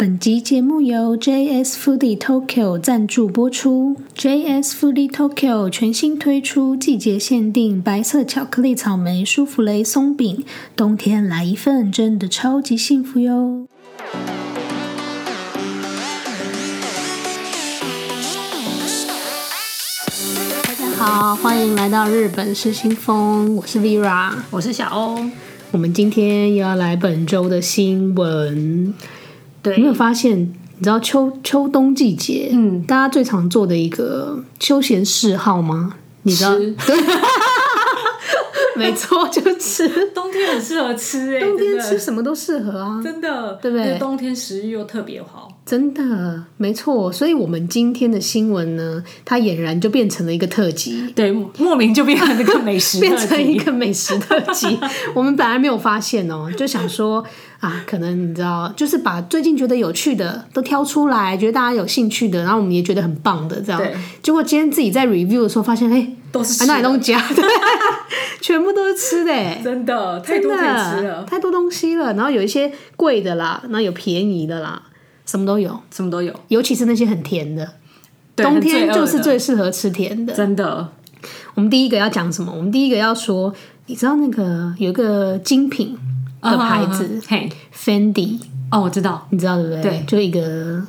本集節目由 JS Foodie Tokyo 贊助播出。JS Foodie Tokyo 全新推出季節限定白色巧克力草莓舒芙蕾鬆餅，冬天來一份真的超級幸福喲！大家好，歡迎來到日本失心瘋，我是 Vera，我是小歐，我們今天又要來本周的新聞。對，你有沒有發現？你知道秋秋冬季節，嗯，大家最常做的一個休閒嗜好嗎？你知道吃， 沒錯，就吃。冬天很適合吃，欸，哎，冬天吃什麼都適合啊，真的，對不對？冬天食欲又特別好，真的，沒錯。所以，我們今天的新聞呢，它儼然就變成了一個特輯，對，莫名就變成一個美食， 變成一個美食特輯。 我們本來沒有發現哦、喔，就想說。啊，可能你知道，就是把最近覺得有趣的都挑出來，覺得大家有興趣的，然後我們也覺得很棒的這樣。對。結果今天自己在 review 的時候發現，哎、欸、都是很多東西全部都是吃的、欸，真的，真的，太多東西了，太多東西了。然後有一些貴的啦，然後有便宜的啦，什麼都有，什麼都有，尤其是那些很甜的，冬天就是最適合吃甜的，真的。我們第一個要講什麼？我們第一個要說，你知道那個有一個精品。Oh, 的牌子，嘿、oh, hey，Fendi，哦、oh，我知道，你知道對不對？對，就一個，一個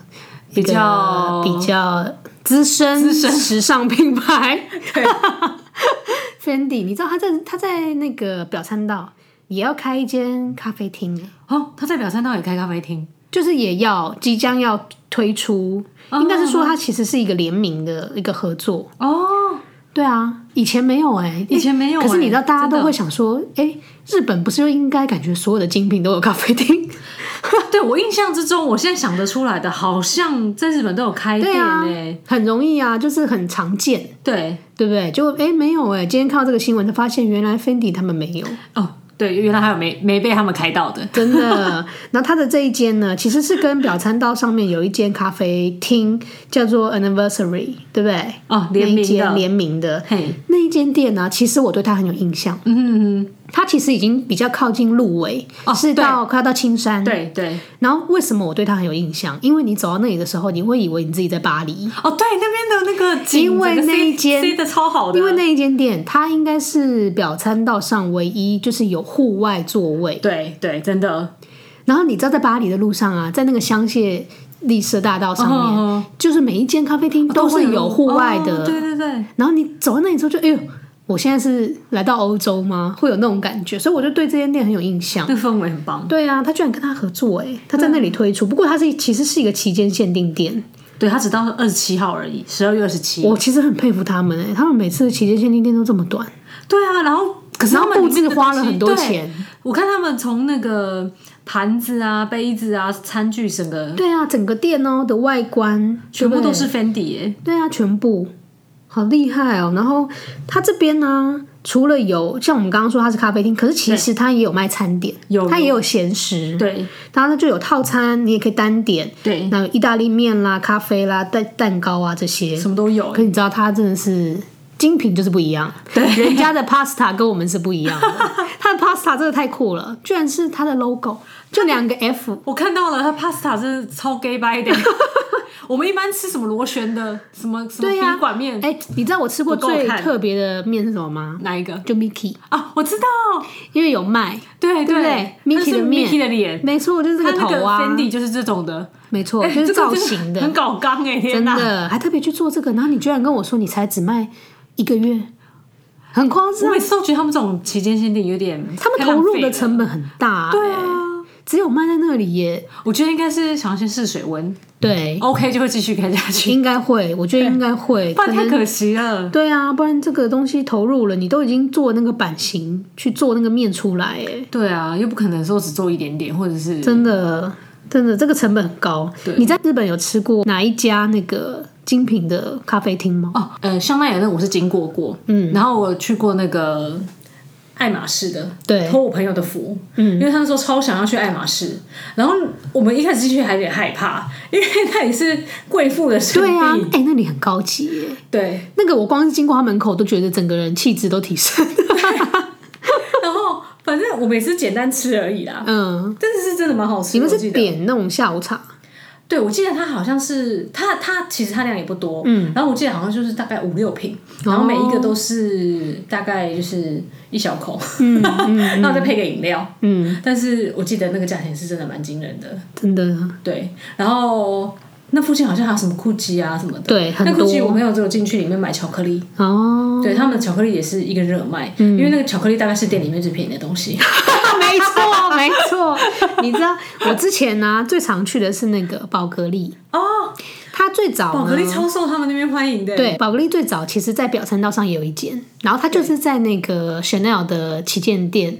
比較比較資深資深時尚品牌對 ，Fendi。你知道他在他在那個表參道也要開一間咖啡廳哦，oh, 他在表參道也開咖啡廳，就是也要即將要推出，oh. 應該是說他其實是一個聯名的一個合作哦。Oh. 對啊，以前沒有哎、欸，以前沒有、欸欸。可是你知道，大家都會想說，哎、欸，日本不是就應該感覺所有的精品都有咖啡廳？ 對，我印象之中，我現在想得出來的，好像在日本都有開店嘞、欸啊，很容易啊，就是很常見，對，對不對？就哎、欸，沒有哎、欸，今天看到這個新聞才發現，原來芬迪他們沒有哦。Oh. 對，原來還有沒沒被他們開到的， 真的。然後他的這一間呢，其實是跟表參道上面有一間咖啡廳叫做 Anniversary，對不對？哦，聯名那一間聯名的，那一間店呢、啊，其實我對它很有印象。嗯哼嗯哼。它其實已經比較靠近路尾，哦，是到快到青山。對對。然後為什麼我對它很有印象？因為你走到那裡的時候，你會以為你自己在巴黎。哦，對，那邊的那個景，因為那一間，C, C 的超好的，因為那一間店，它應該是表參道上唯一就是有戶外座位。對對，真的。然後你知道，在巴黎的路上啊，在那個香榭麗舍大道上面，哦，就是每一間咖啡廳都是有戶外的。哦哦，對對對。然後你走到那裡之後，就哎呦。我現在是來到歐洲嗎？會有那種感覺，所以我就對這間店很有印象。那氛圍很棒。對啊，他居然跟他合作哎、欸，他在那裡推出。不過他是其實是一個期間限定店，對，他只到二十七號而已。十二月二十七。我其實很佩服他們哎、欸，他們每次的期間限定店都這麼短。對啊，然後可是他們布置花了很多錢。我看他們從那個盤子啊、杯子啊、餐具什麼。對啊，整個店哦、喔、的外觀全部都是 Fendi、欸、對，對啊，全部。好厲害哦！然後他這邊呢，除了有像我們剛剛說他是咖啡廳，可是其實他也有賣餐點，有他也有鹹食，對，當然就有套餐，你也可以單點，對，那意大利麵啦、咖啡啦、蛋蛋糕啊這些什麼都有欸。可是你知道他真的是精品，就是不一樣，對，人家的 pasta 跟我們是不一樣的，他 的 pasta 真的太酷了，居然是他的 logo。就兩個 F, F，我看到了，他 Pasta 是超 gay 白的。 我們一般吃什麼螺旋的？什麼？對呀，筆管麵、啊。哎、欸，你知道我吃過最特別的麵是什麼嗎？哪一個？就 Mickey。啊，我知道，因為有賣。對對對，對，Mickey 的麵。Mickey 的臉，沒錯，就是這個頭啊。Candy 就是這種的，沒、欸、錯，就是造型的，這個、的很搞剛哎，真的，還特別去做這個。然後你居然跟我說，你才只賣一個月，很誇張。我也是覺得他們這種期間限定有點，他們投入的成本很大、欸，對啊。只有賣在那裡耶，我覺得應該是想要先試水溫，對，OK 就會繼續開下去，應該會，我覺得應該會，不然太可惜了可能。對啊，不然這個東西投入了，你都已經做那個版型去做那個面出來，哎，對啊，又不可能說只做一點點，或者是真的真的這個成本很高。對，你在日本有吃過哪一家那個精品的咖啡廳嗎？哦，呃，香奈兒那個、我是經過過，嗯，然後我去過那個。愛馬仕的，對，托我朋友的福，嗯，因為他們說超想要去愛馬仕，然後我們一開始進去還有點害怕，因為那裡是貴婦的世界，對啊，哎、欸，那裡很高級耶，對，那個我光是經過他門口都覺得整個人氣質都提升，然後反正我們也是簡單吃而已啦，嗯，但是是真的蠻好吃的，你們是點那種下午茶？對，我記得他好像是他他其實他量也不多，嗯，然後我記得好像就是大概五六瓶，然後每一個都是大概就是一小口，嗯、哦， 然後再配個飲料，嗯，但是我記得那個價錢是真的蠻驚人的，真的，對，然後那附近好像還有什麼庫雞啊什麼的，對，那庫奇我朋友就有進去裡面買巧克力，哦，對，他們的巧克力也是一個熱賣、嗯，因為那個巧克力大概是店裡面最便宜的東西， 沒錯。沒錯，你知道 我之前呢、啊、最常去的是那個寶格麗哦。他最早寶格麗超受他們那邊歡迎的、欸。對，寶格麗最早其實，在表參道上也有一間，然後他就是在那個 Chanel 的旗艦店。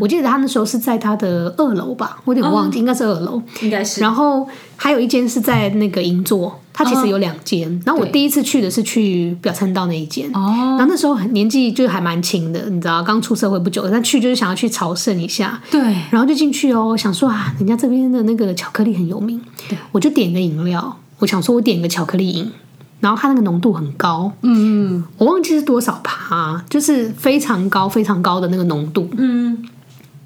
我記得他那時候是在他的二樓吧，我有點忘記，哦、應該是二樓，應該是。然後還有一間是在那個銀座，它其實有兩間、哦。然後我第一次去的是去表參道那一間哦，然後那時候年紀就還蠻輕的，你知道，剛出社會不久，但去就是想要去朝聖一下。對。然後就進去哦，想說啊，人家這邊的那個巧克力很有名，對，我就點個飲料。我想說，我點一個巧克力飲，然後它那個濃度很高，嗯，我忘記是多少趴，啊，就是非常高，非常高的那個濃度，嗯。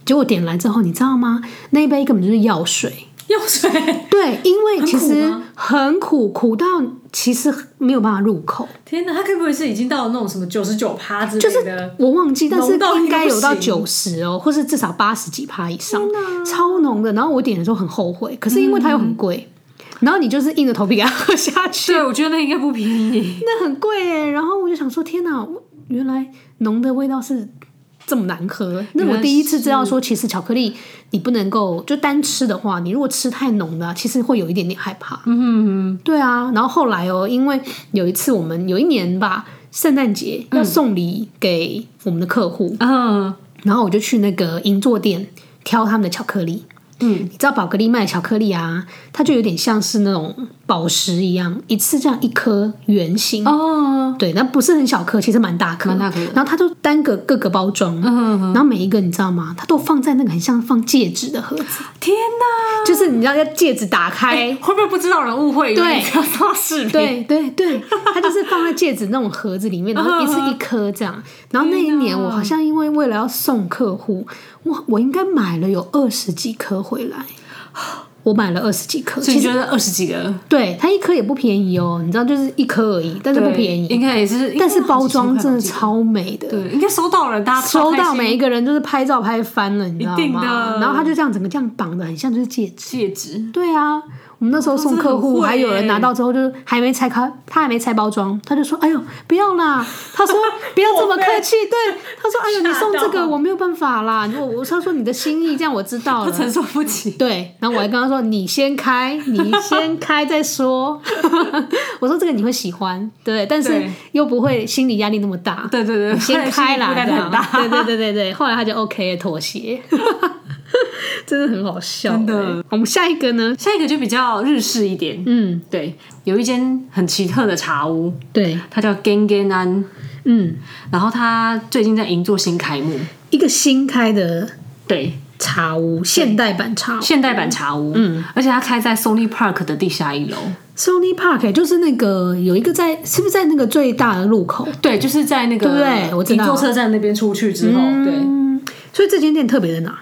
結果我點來之後，你知道嗎？那一杯根本就是藥水，藥水。對，因為其實很苦，很苦很苦，苦到其實沒有辦法入口。天哪，它可不會是已經到了那種什麼九十九趴之類的？就是，我忘記，但是應該有到九十哦，或是至少八十幾趴以上，嗯啊，超濃的。然後我點的時候很後悔，可是因為它又很貴。嗯然後你就是硬着頭皮給它喝下去。對，我覺得那應該不便宜，那很貴欸，然後我就想說，天哪，原來濃的味道是這麼難喝。那我第一次知道說，其實巧克力你不能夠就單吃的話，你如果吃太濃的，其實會有一點點害怕。嗯哼嗯，對啊。然後後來哦，因為有一次我們有一年吧，聖誕節要送禮給我們的客戶，嗯，然後我就去那個銀座店挑他們的巧克力。嗯，你知道寶格麗賣巧克力啊？它就有點像是那種寶石一樣，一次這樣一顆圓形哦，哦，哦，對，那不是很小顆，其實蠻大顆，大、嗯那個、然後它就單個各個包裝、嗯嗯，然後每一個你知道嗎？它都放在那個很像放戒指的盒子。天哪！就是你知道要戒指打開，會不會不知道人誤會？對，要鬧事。對對對，對 它就是放在戒指那種盒子裡面，然後一次一顆這樣、嗯。然後那一年我好像因為為了要送客戶。我應該買了有二十幾顆回來，我買了二十幾顆，所以覺得二十幾個，對，它一顆也不便宜哦，你知道就是一顆而已，但是不便宜，應該也是，但是包裝真的超美的，對，應該收到了，大家拍拍收到每一個人都是拍照拍翻了，你知道嗎？然後他就這樣整個這樣綁的很像就是戒指，戒指，對啊。我們那時候送客戶、哦欸，還有人拿到之後就是還沒拆開，他還沒拆包裝，他就說：“哎呦，不要啦！”他說：“不要這麼客氣。”對，他說：“哎呦，你送這個我沒有辦法啦，我我他說你的心意，這樣我知道了。”他承受不起。對，然後我還跟他說：“你先開，你先開再說。 ”我說：“這個你會喜歡，對，但是又不會心理壓力那麼大。對對對”對對對，先開啦，這樣對對對對對，後來他就 OK 了，妥協。 真的很好笑，真的、啊。我們下一個呢？下一個就比較日式一點。嗯，對，有一間很奇特的茶屋，對，它叫 Gen Genan。嗯，然後它最近在銀座新開幕，一個新開的對茶屋，對現代版茶屋對，現代版茶屋，現代版茶屋。嗯，而且它開在 Sony Park 的地下一樓。Sony Park 就是那個有一個在，是不是在那個最大的路口？對，就是在那個對不對，對？銀座車站那邊出去之後、嗯，對。所以這間店特別在哪？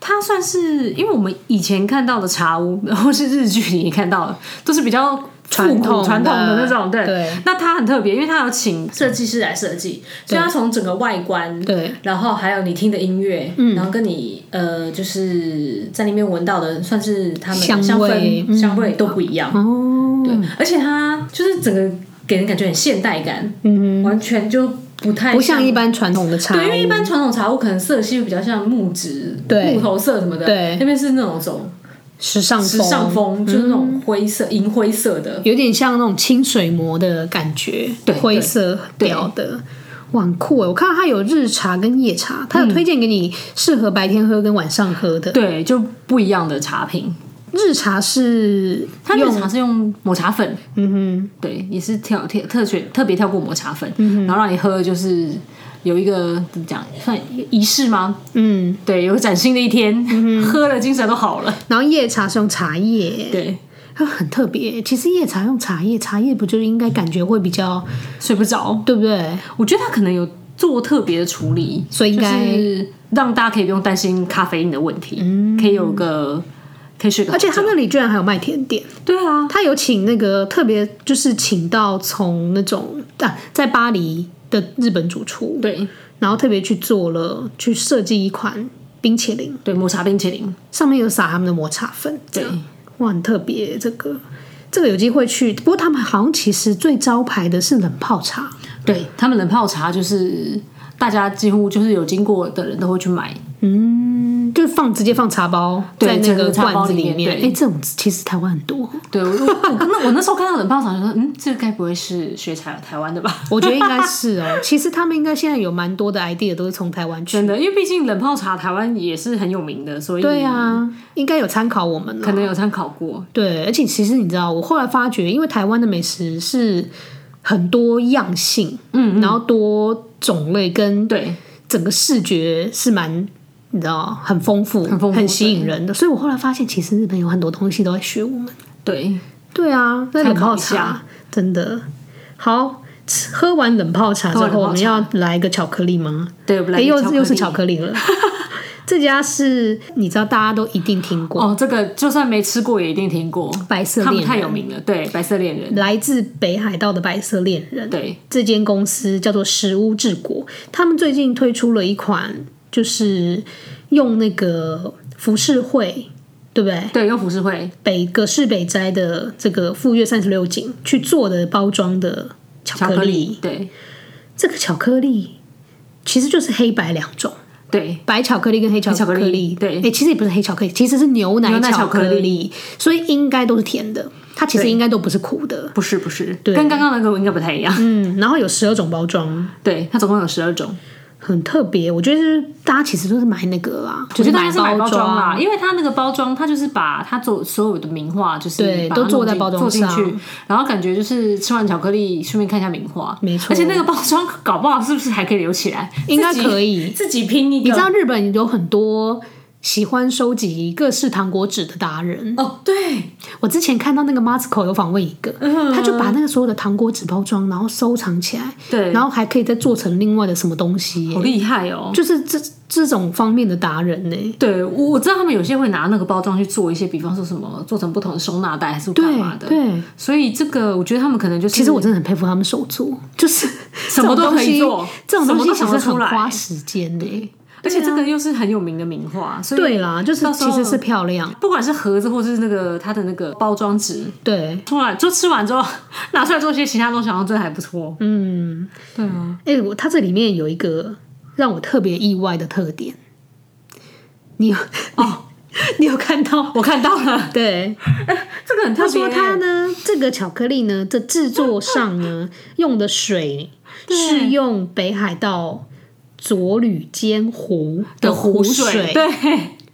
它算是，因為我們以前看到的茶屋，或是日劇裡也看到的，都是比較傳，傳統傳統的那種對，對。那它很特別，因為它有請設計師來設計，所以它從整個外觀，對，然後還有你聽的音樂，然後跟你呃，就是在裡面聞到的，算是它們香，香味香味都不一樣哦、嗯。對，而且它就是整個給人感覺很現代感，嗯。完全就。不太像不像一般傳統的茶，對，因為一般傳統茶我可能色系比較像木質、木頭色什麼的，對，那邊是那種,種時尚時尚風，時尚風就是那種灰色、銀、嗯、灰色的，有點像那種清水模的感覺，對，對灰色調的哇酷。我看到它有日茶跟夜茶，它有推薦給你適合白天喝跟晚上喝的，對，就不一樣的茶品。日茶是它日茶是用抹茶粉，嗯哼，對，也是跳跳特選特別跳過抹茶粉，嗯、然後讓你喝的就是有一個怎麼講，算儀式嗎？嗯，對，有嶄新的一天，嗯，喝了精神都好了。然後夜茶是用茶葉，對，它很特別。其實夜茶用茶葉，茶葉不就應該感覺會比較睡不着，對不對？我覺得它可能有做特別的處理，所以應該、就是、讓大家可以不用擔心咖啡因的問題，嗯、可以有個。而且他那裡居然還有賣甜點，對啊，他有請那個特別就是請到從那種啊在巴黎的日本主廚，對，然後特別去做了去設計一款冰淇淋，對，抹茶冰淇淋，上面有撒他們的抹茶粉對，對，哇，很特別，這個這個有機會去。不過他們好像其實最招牌的是冷泡茶，對，對他們冷泡茶就是。大家幾乎就是有經過的人都會去買，嗯，就放直接放茶包在那個罐子裡面。哎、欸，這種其實台灣很多。對我，我那我那時候看到冷泡茶，就說，嗯，這個該不會是學茶台灣的吧？我覺得應該是哦。 其實他們應該現在有蠻多的 idea 都是從台灣去的，的，因為畢竟冷泡茶台灣也是很有名的，所以對啊，應該有參考我們，可能有參考過。對，而且其實你知道，我後來發覺，因為台灣的美食是。很多樣性，嗯，然後多種類跟對整個視覺是蠻，你知道，很豐富，很吸引人的。所以我後來發現，其實日本有很多東西都在學我們。對，對啊，冷泡茶真的好。喝完冷泡茶之後，我們要來一個巧克力嗎？對，來、欸、又又是巧克力了。 這家是你知道，大家都一定聽過哦，這個就算沒吃過也一定聽過。白色戀人他們太有名了，對，白色戀人來自北海道的白色戀人。對，這間公司叫做石屋製菓，他們最近推出了一款，就是用那個浮世繪，對不對？對，用浮世繪北葛飾北齋的這個富岳三十六景去做的包裝的巧克、巧克力。對，這個巧克力其實就是黑白兩種。對，白巧克力跟黑巧克力，克力，對，欸，其實也不是黑巧克力，其實是牛奶，牛奶巧克力，所以應該都是甜的，它其實應該都不是苦的，不是不是，對，跟剛剛那個應該不太一樣，嗯，然後有十二種包裝，對，它總共有十二種。很特別，我覺得是大家其實都是買那個啊，就是買包裝啦，我覺得應該是買包裝啦，因為它那個包裝，它就是把它做所有的名畫，就是對，都做在包裝上做進去，然後感覺就是吃完巧克力，順便看一下名畫，沒錯。而且那個包裝搞不好是不是還可以留起來？應該可以，自，自己拼一個。你知道日本有很多。喜歡收集各式糖果紙的達人哦！對，我之前看到那個馬斯口有訪問一個嗯嗯嗯，他就把那個所有的糖果紙包裝，然後收藏起來，對，然後還可以再做成另外的什麼東西、欸，好厲害哦！就是這這種方面的達人呢、欸。對，我我知道他們有些會拿那個包裝去做一些，比方說什麼做成不同的收納袋，還是幹嘛的對。對，所以這個我覺得他們可能就是，其實我真的很佩服他們手作，就是什麼都可以做，這種東西其實很花時間的、欸。而且這個又是很有名的名畫、啊，所以對啦，就是其實是漂亮，不管是盒子或者是那個它的那個包裝紙，對，出來就吃完之後拿出來做一些其他東西，好像這還不錯。嗯，對啊。哎、欸，我它這裡面有一個讓我特別意外的特點，你有哦？ 你有看到？我看到了。對，欸、這個很特別、欸。他說他呢，這個巧克力呢，在制作上呢， 用的水是用北海道。左鋁間湖的湖、的湖水，對，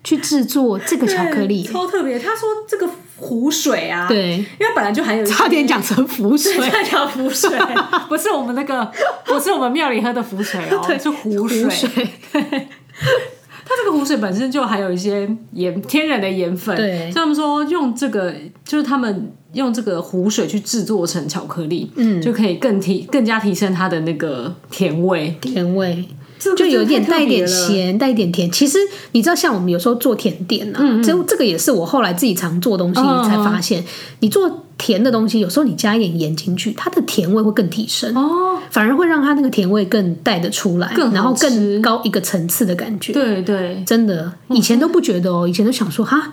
去製作這個巧克力，超特別。他說這個湖水啊，對，因為本來就含有，差點講成符水對，差點講符水， 不是我們那個，不是我們廟裡喝的符水哦、喔， 是湖水。水對，它 這個湖水本身就還有一些鹽，天然的鹽粉。對，所以他們說用這個，就是他們用這個湖水去製作成巧克力，嗯，就可以更提更加提升它的那個甜味，甜味。這個、就有點一點帶一點鹹，帶一點甜。其實你知道，像我們有時候做甜點呢，嗯，這個也是我後來自己常做東西才發現，你做甜的東西，有時候你加一點鹽進去，它的甜味會更提升哦，反而會讓它那個甜味更帶得出來，然後更高一個層次的感覺。對對，真的，以前都不覺得哦，以前都想說哈。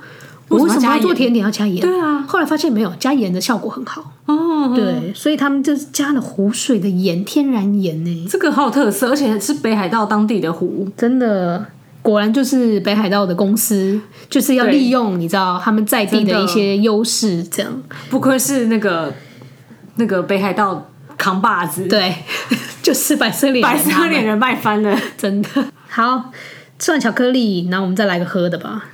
為什，為什麼要做甜點要加鹽？對啊，後來發現沒有加鹽的效果很好哦。Oh, oh, oh. 對，所以他們就是加了湖水的鹽，天然鹽呢、欸。這個好有特色，而且是北海道當地的湖，真的，果然就是北海道的公司就是要利用，你知道，他們在地的一些優勢，這樣，不愧是那個那個北海道扛把子。對，就是白色戀人，白色戀人賣翻了，真的。好，吃完巧克力，然後我們再來個喝的吧。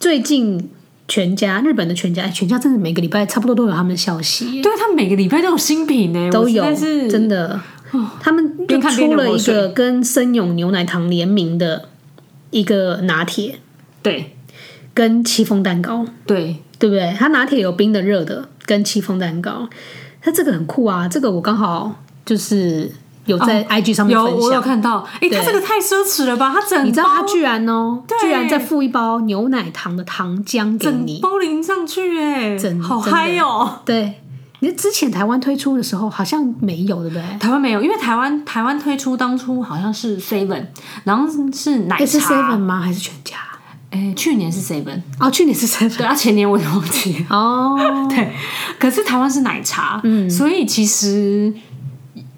最近。全家日本的全家，全家真的每個禮拜差不多都有他們的消息。對，他每個禮拜都有新品呢，都有，是但是真的。哦，他們就出了一個跟森永牛奶糖聯名的一個拿鐵，對，跟戚風蛋糕，對，對不對？他拿鐵有冰的、熱的，跟戚風蛋糕，他這個很酷啊！這個我剛好就是。有在 IG 上面，哦、有，有看到。哎、欸，他這個太奢侈了吧？他整，你知道他居然哦、喔，居然再附一包牛奶糖的糖漿給你，整包淋上去，欸，哎，好嗨哦、喔！對，你之前台灣推出的時候好像沒有，對不對？台灣沒有，因為台灣台灣推出當初好像是 Seven，然後是奶茶，欸、是 Seven 嗎？還是全家？哎、欸，去年是 Seven、嗯、哦，去年是 Seven， 對啊，前年我也忘記哦。對，可是台灣是奶茶，嗯，所以其實，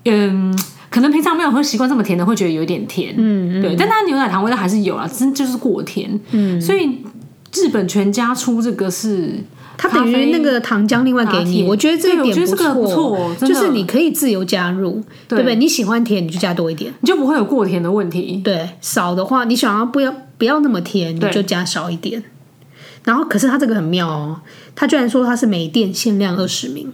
嗯。可能平常沒有喝習慣這麼甜的，會覺得有點甜。嗯嗯，對，但它牛奶糖味道還是有啊，真就是過甜。嗯，所以日本全家出這個是，它等於那個糖漿另外給你我。我覺得這個點我覺得這個不錯哦，就是你可以自由加入，對不對吧？你喜歡甜你就加多一點，你就不會有過甜的問題。對，少的話你想要不要不要那麼甜，你就加少一點。然後，可是它這個很妙哦，它居然說它是每店限量二十名。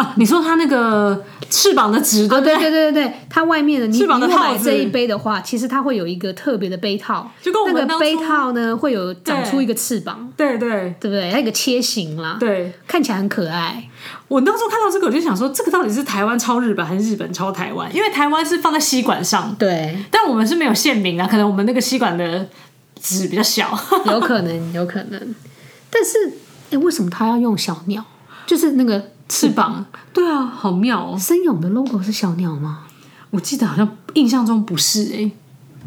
啊、你說它那個翅膀的紙啊，對對、哦？對對對對，它外面的翅膀的套子，這一杯的話，其實它會有一個特別的杯套，就跟我們那個杯套呢會有長出一個翅膀，對對對，對不對？還有個切形啦，對，看起來很可愛。我當初看到這個，我就想說，這個到底是台灣抄日本還是日本抄台灣？因為台灣是放在吸管上，對，但我們是沒有限名啊，可能我們那個吸管的紙比較小，嗯，有可能，有可能。 但是，哎、欸，為什麼他要用小鳥？就是那個翅膀，翅膀，對啊，好妙哦！森永的 logo 是小鳥嗎？我記得好像印象中不是、欸，哎，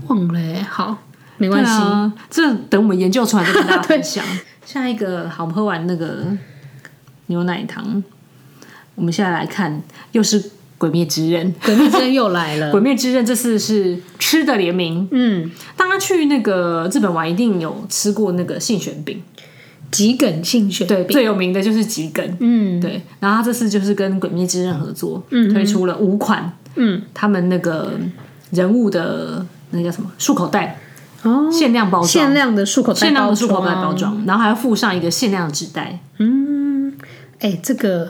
忘了、欸，好，沒關係、啊，這等我們研究出來再跟大家分享。 下一個，好，我們喝完那個牛奶糖，我們現在來看，又是鬼滅之刃，鬼滅之刃又來了。 鬼滅之刃這次是吃的聯名，嗯，大家去那個日本玩一定有吃過那個信玄餅。桔梗信玄餅，對，最有名的就是桔梗，嗯，對。然後他這次就是跟《鬼滅之刃》合作嗯嗯，推出了五款，嗯，他們那個人物的那個叫什麼束口袋，哦，限量包裝，限量的束口袋，限量的束口袋包裝、嗯，然後還要附上一個限量紙袋。嗯，哎、欸，這個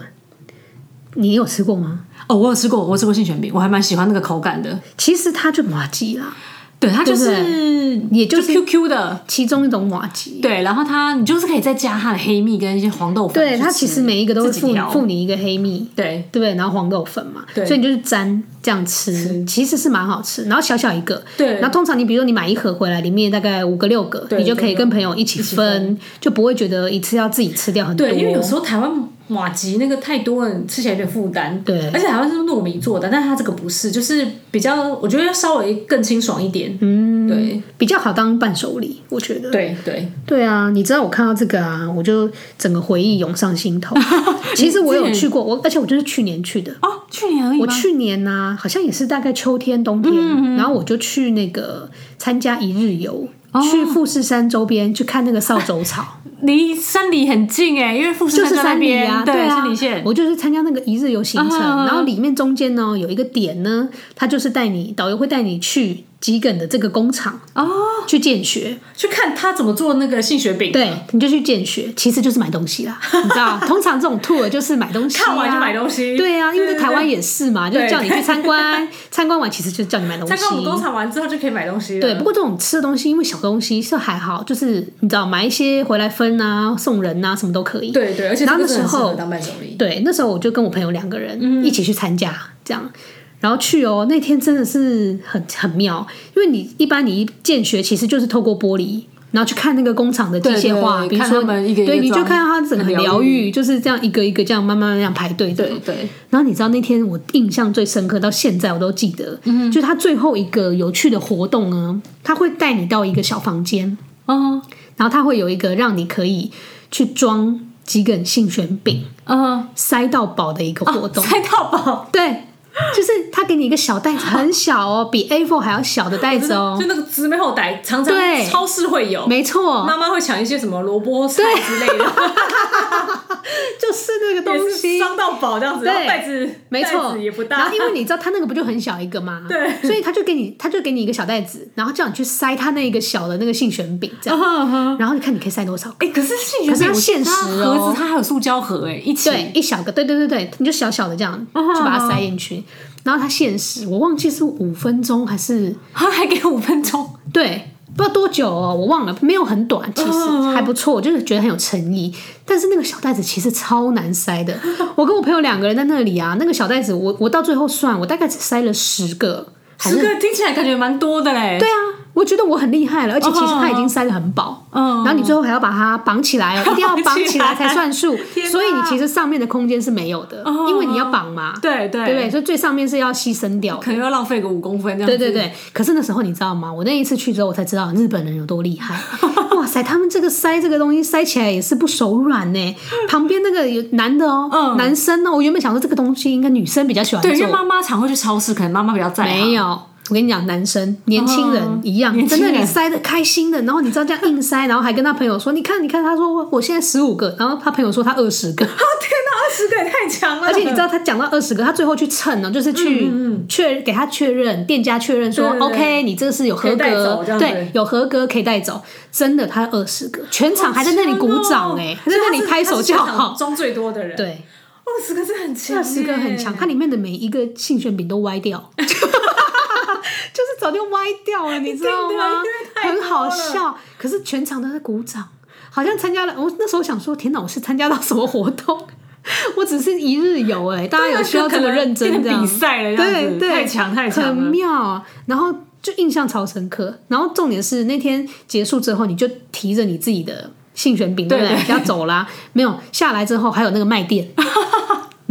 你有吃過嗎？哦，我有吃過，我吃過信玄餅，我還蠻喜歡那個口感的。其實它就麻吉啦。對，它就是，也就是 QQ 的其中一種瓦吉。對，然後它你就是可以再加它的黑蜜跟一些黃豆粉。對，它其實每一個都是附附你一個黑蜜，對對不對？然後黃豆粉嘛，對，所以你就是粘這樣吃，吃，其實是蠻好吃。然後小小一個，對。然後通常你比如說你買一盒回來，裡面大概五個六個，你就可以跟朋友一起分，就不會覺得一次要自己吃掉很多。對，因為有時候台灣。麻糬那個太多了，吃起來有點負擔。對，而且好像是糯米做的，但它這個不是，就是比較我覺得要稍微更清爽一點。嗯，對，比較好當伴手禮，我覺得。對對對啊！你知道我看到這個啊，我就整個回憶湧上心頭。 其實我有去過，我而且我就是去年去的哦，去年而已。我去年呢、啊，好像也是大概秋天、冬天，嗯嗯嗯，然後我就去那個參加一日遊。去富士山周邊、哦、去看那個掃帚草，草，離 山裡很近哎、欸，因為富士山就是山裡啊，對，對啊線，我就是參加那個一日遊行程、哦，然後裡面中間呢有一個點呢，他就是帶你，導遊會帶你去。桔梗的這個工廠去見學，去看他怎麼做那個信玄餅。對，你就去見學，其實就是買東西啦， 你知道通常這種 tour 就是買東西、啊。看完就買東西。對啊，因為在台灣也是嘛，對對對，就是、叫你去參觀，參觀完其實就是叫你買東西。參觀完工廠完之後就可以買東西。對，不過這種吃的東西，因為小東西是還好，就是你知道買一些回來分啊、送人啊，什麼都可以。對對，對，而且個那時候對，那時候我就跟我朋友兩個人一起去參加、嗯，這樣。然後去哦，那天真的是很很妙，因為你一般你一見學其實就是透過玻璃，然後去看那個工廠的機械化對對對，比如說他們一個一個對，你就看到它整個療癒，就是這樣一個一個這樣慢慢這樣排隊。對，對對。然後你知道那天我印象最深刻，到現在我都記得，嗯，就他最後一個有趣的活動呢，他會帶你到一個小房間哦、嗯，然後他會有一個讓你可以去裝幾根杏仁餅哦、嗯，塞到飽的一個活動，哦、塞到飽對。就是他給你一個小袋子，很小哦，比 A4 還要小的袋子哦。就那個姊妹後袋，常常超市會有，沒錯，媽媽會搶一些什麼蘿蔔絲之類的， 就是那個東西裝到飽這樣子，對然後袋子，沒袋子也不大。然後因為你知道他那個不就很小一個嗎？對，所以他就給你，他就給你一個小袋子，然後叫你去塞他那個小的那個信玄餅這樣，uh -huh. 然後你看你可以塞多少哎、欸，可是信玄餅它限時哦，盒子它還有塑膠盒哎，一起對一小個，對對對對，你就小小的這樣就、uh -huh. 把它塞進去。然後它限時，我忘記是五分鐘還是還給五分鐘？對，不知道多久哦，我忘了，沒有很短，其實還不錯，我就是覺得很有誠意。但是那個小袋子其實超難塞的，我跟我朋友兩個人在那裡啊，那個小袋子我，我我到最後算，我大概只塞了十個，十個聽起來感覺蠻多的嘞。對啊。我覺得我很厲害了，而且其實它已經塞得很飽，oh, 然後你最後還要把它綁起來哦，一定要綁起來才算數，所以你其實上面的空間是沒有的，oh, 因為你要綁嘛，oh, 對對對，所以最上面是要犧牲掉，可能要浪費個五公分這樣子。對對對，可是那時候你知道嗎？我那一次去之後，我才知道日本人有多厲害， 哇塞，他們這個塞這個東西塞起來也是不手軟呢、欸。旁邊那個有男的哦、喔嗯，男生哦、喔。我原本想說這個東西應該女生比較喜歡，對，因為媽媽常會去超市，可能媽媽比較在意沒有。我跟你講，男生、年輕人一樣，在那裡塞的開心的，然後你知道這樣硬塞，然後還跟他朋友說：“ 你看，你看。”他說：“我現在十五個。”然後他朋友說：“他二十個。哦”哦天哪，二十個也太強了！而且你知道他講到二十個，他最後去稱哦，就是去確、嗯、給他確認店家確認說：“OK，你這個是有合格，對，有合格可以帶走。”真的，他二十個、哦，全場還在那裡鼓掌哎、欸，在那裡拍手叫好，中最多的人。對，二十個是很強，二十個很強。他裡面的每一個信玄餅都歪掉。 就是早就歪掉了，你知道嗎？很好笑，可是全場都在鼓掌，好像參加了。我那時候想說，田老師參加到什麼活動？我只是一日遊哎、欸啊，大家有需要這麼認真？比賽了樣子，對，對對，太強太強，很妙。然後就印象超深刻。然後重點是那天結束之後，你就提着你自己的信玄餅，對不對？要走啦、啊。沒有下來之後還有那個賣店。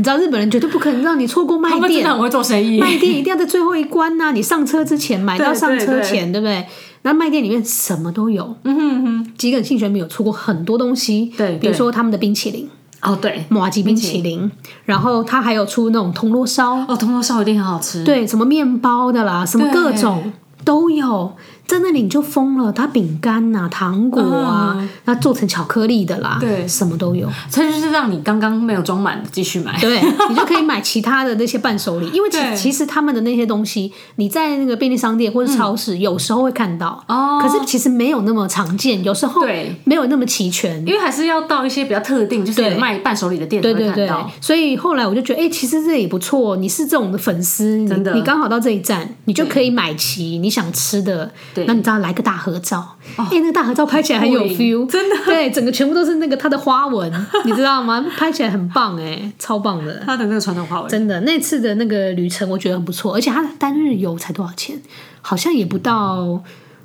你知道日本人絕對不可能讓你錯過賣店，他賣店一定要在最後一關吶、啊，你上車之前買到上車前，對，對,對,對不對？那賣店裡面什麼都有，嗯哼嗯哼。桔梗信玄餅有出過很多東西，對,對,對，比如說他們的冰淇淋哦，對，麻糬冰淇淋。嗯、然後他還有出那種銅鑼燒哦，銅鑼燒一定很好吃，對，什麼麵包的啦，什麼各種都有。在那裡你就瘋了，他餅乾吶、糖果啊，那、嗯、做成巧克力的啦，對，什麼都有。它就是讓你剛剛沒有裝滿，繼續買，對，你就可以買其他的那些伴手禮， 因為其其實他們的那些東西，你在那個便利商店或者超市、嗯、有時候會看到哦，可是其實沒有那麼常見，有時候對沒有那麼齊全，因為還是要到一些比較特定就是賣伴手禮的店才會看到對對對對。所以後來我就覺得，哎、欸，其實這也不錯。你是這種的粉絲，真的，你剛好到這一站，你就可以買齊你想吃的。對那你知道來個大合照，哎、哦欸，那個大合照拍起來很有 feel，真的，對，整個全部都是那個它的花紋， 你知道嗎？拍起來很棒、欸，哎，超棒的，它的那個傳統花紋，真的。那次的那個旅程我覺得很不錯，而且它單日遊才多少錢？好像也不到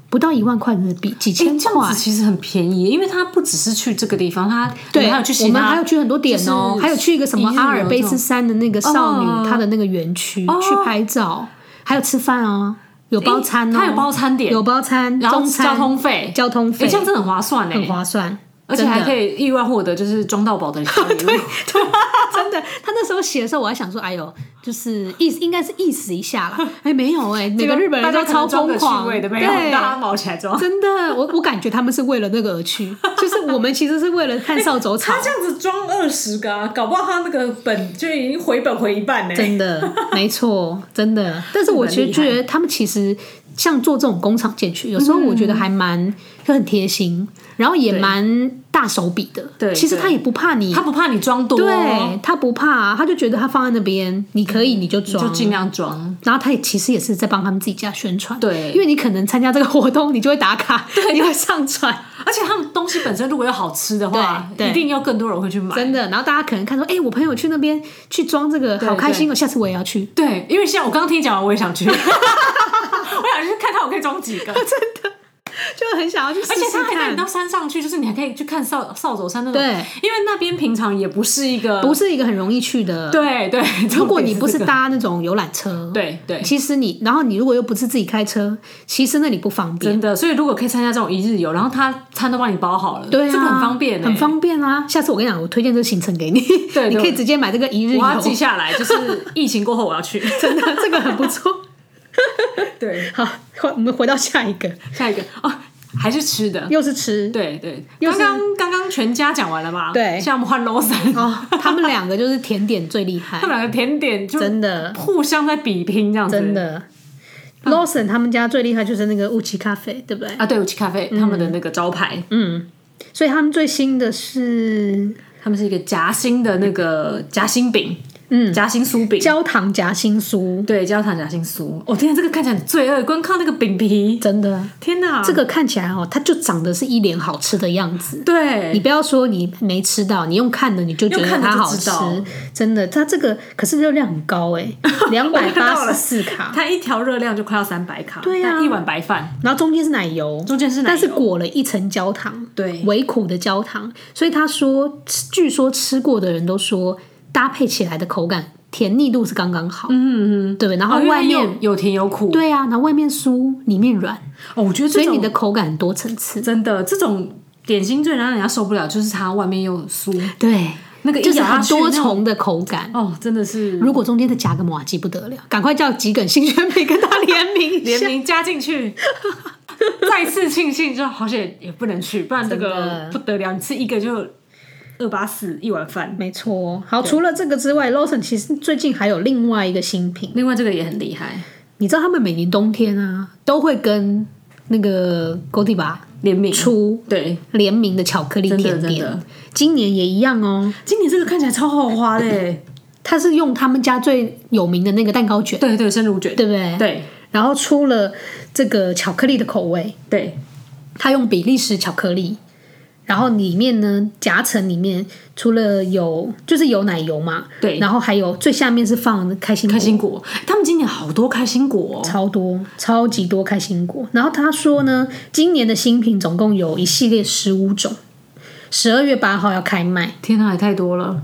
不到一萬塊人民幣，幾千塊、欸、其實很便宜，因為它不只是去這個地方，它對，我們還有去其他，我們還有去很多點哦、喔就是，還有去一個什麼阿爾卑斯山的那個少女，它的那個園區、哦、去拍照，哦、還有吃飯哦、喔。欸、有包餐他、哦、有包餐點，有包餐，然後中餐交通費，交通費，哎、欸，這樣子很划算耶，很划算。而且還可以意外獲得，就是裝到寶的禮物。 對， 真的。他那時候寫的時候，我還想說，哎呦，就是意思應該是意思一下啦。哎、欸，沒有哎、欸，每個日本人都超瘋狂味的。沒有，大家卯起來裝。真的，我我感覺他們是為了那個而去。 就是我們其實是為了看少走場、欸。他這樣子裝二十個、啊，搞不好他那個本就已經回本回一半嘞、欸。 真的，沒錯，真的。但是我其實覺得他們其實。像做這種工廠進去，有時候我覺得還蠻就很貼心、嗯，然後也蠻大手筆的。對，其實他也不怕你，他不怕你裝多，對他不怕，他就覺得他放在那邊，你可以你就裝，就儘量裝。然後他也其實也是在幫他們自己家宣傳，對，因為你可能參加這個活動，你就會打卡，對，你會上傳。而且他們東西本身如果要好吃的話，對，對，一定要更多人會去買。真的，然後大家可能看說，哎，我朋友去那邊去裝這個，好開心哦！下次我也要去。對，因為現在我剛剛聽你講完，我也想去， 我想去看看我可以裝幾個， 真的。就很想要去試試，而且他還帶你到山上去，就是你還可以去看掃掃帚山那種。對，因為那邊平常也不是一個，不是一個很容易去的。對對，如果你不是搭那種遊覽車，對對，其實你，然後你如果又不是自己開車，其實那裡不方便真的。所以如果可以參加這種一日遊，然後他餐都幫你包好了，對啊，這個、很方便、欸，很方便啊。下次我跟你講，我推薦這個行程給你，對，對，對，你可以直接買這個一日遊，我要記下來，就是疫情過後我要去， 真的，這個很不錯。 對，好，我們回到下一個，下一個哦，還是吃的，又是吃，對對，剛剛剛剛全家講完了嗎？對，像我們換 Lawson，哦，他們兩個就是甜點最厲害， 他們兩個甜點就真的互相在比拼，這樣子真的。Lawson 他們家最厲害就是那個烏奇咖啡，對不對？啊，對，烏奇咖啡他們的那個招牌，嗯，所以他們最新的是，他們是一個夾心的那個夾心餅。嗯，夾心酥餅，焦糖夾心酥，對，焦糖夾心酥。我、oh, 天，這個看起來很罪惡，光靠那個餅皮，真的，天哪，這個看起來哦，它就長得是一臉好吃的樣子。對，你不要說你沒吃到，你用看的你就覺得它好吃，的真的，它這個可是熱量很高哎，兩百八十四卡， 它一條熱量就快要三百卡，對呀、啊，一碗白飯，然後中間是奶油，中間是奶油，奶但是裹了一層焦糖，對，微苦的焦糖，所以他說，據說吃過的人都說。搭配起來的口感甜膩度是剛剛好，嗯嗯，嗯，對不對？然後外面，哦、有甜有苦，對啊，然後外面酥，裡面軟，哦，我覺得這種所以你的口感很多層次，真的，這種點心最讓人家受不了，就是它外面又酥，對，那個就是很多重的口感，那個，哦，真的是。如果中間再夾個麻糬不得了，趕快叫桔梗信玄餅跟他聯名聯 名加進去， 再次慶幸，就好像也不能去，不然這個不得了，你吃一個就。二八四一碗飯，沒錯。好，除了這個之外，LAWSON 其實最近還有另外一個新品，另外這個也很厲害。你知道他們每年冬天啊，都會跟那個 Godiva 聯名出，對，聯名的巧克力甜點。今年也一樣哦。今年這個看起來超豪華的耶，嗯嗯。它是用他們家最有名的那個蛋糕卷，對對、對，生乳卷，對不對？對。然後出了這個巧克力的口味，對，他用比利時巧克力。然後裡面呢，夾層裡面除了有就是有奶油嘛，對，然後還有最下面是放開心果、開心果，他們今年好多開心果、哦，超多超級多開心果。然後他說呢，今年的新品總共有一系列十五種，十二月八號要開賣。天吶、啊，也太多了。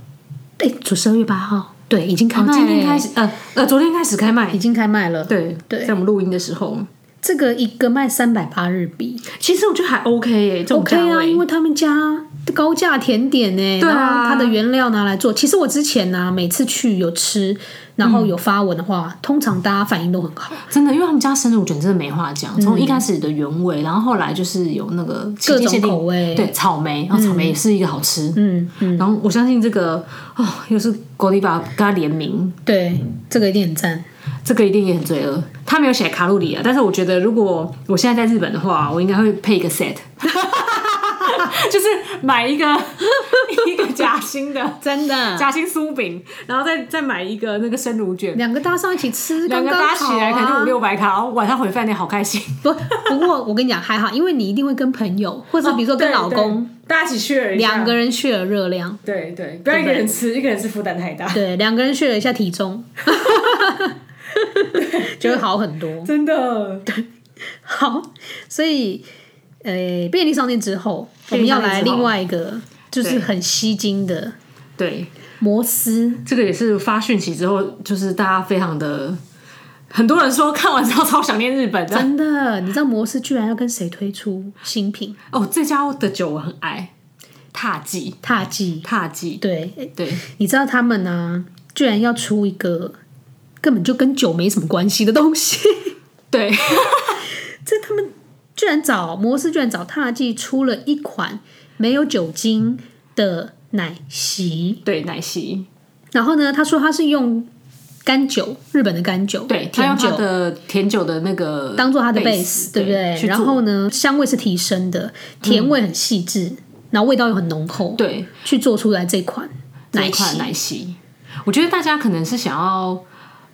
哎，從十二月八號，對，已經開、哦、今天開始呃呃昨天開始開賣，已經開賣了，對對，在我們錄音的時候。這個一個賣三百八日幣，其實我覺得還 OK 誒、欸、，OK 啊，因為他們家高價甜點誒、欸啊，然後，它的原料拿來做。其實我之前呢、啊，每次去有吃，然後有發文的話、嗯，通常大家反應都很好，真的，因為他們家生乳卷真的沒話講。從一開始的原味，然後後來就是有那個各種口味，對，草莓，然後草莓也是一個好吃，嗯嗯，嗯。然後我相信這個哦，又是 GODIVA，跟它聯名，對，這個一定很讚。這個一定也很罪惡。他沒有寫卡路里啊，但是我覺得如果我現在在日本的話，我應該會配一個 set， 就是買一個 一個夾心的，真的夾心酥餅，然後再再買一個那個生乳卷，兩個搭上一起吃剛剛、啊，兩個搭起來可能就五六百卡，然後晚上回飯店好開心。 不不過我跟你講還好，因為你一定會跟朋友或者比如說跟老公，哦、對對大家一起去一，兩個人去了熱量，對對，對對不要一個人吃，一個人是負擔太大，對，兩個人去了一下體重。 就會好很多，真的。對，好，所以，呃、欸，便利商店之後，我們要來另外一個，就是很吸睛的，對，摩斯。這個也是發訊息之後，就是大家非常的，很多人說看完之後超想念日本的，真的。你知道摩斯居然要跟誰推出新品？哦，這家的酒我很愛，獺祭，獺祭，獺祭、嗯，對對。你知道他們呢、啊，居然要出一個。根本就跟酒沒什麼關係的東西， 對， 這他們居然找摩斯，居然找獺祭出了一款沒有酒精的奶昔，對，奶昔。然後呢，他說他是用甘酒，日本的甘酒，對，甜酒他、他的甜酒的那個 base, 當做他的 base，對，對不對？然後呢，香味是提升的，甜味很細緻，嗯、然後味道又很濃厚，對，去做出來這一款奶昔。這一款奶昔，我覺得大家可能是想要。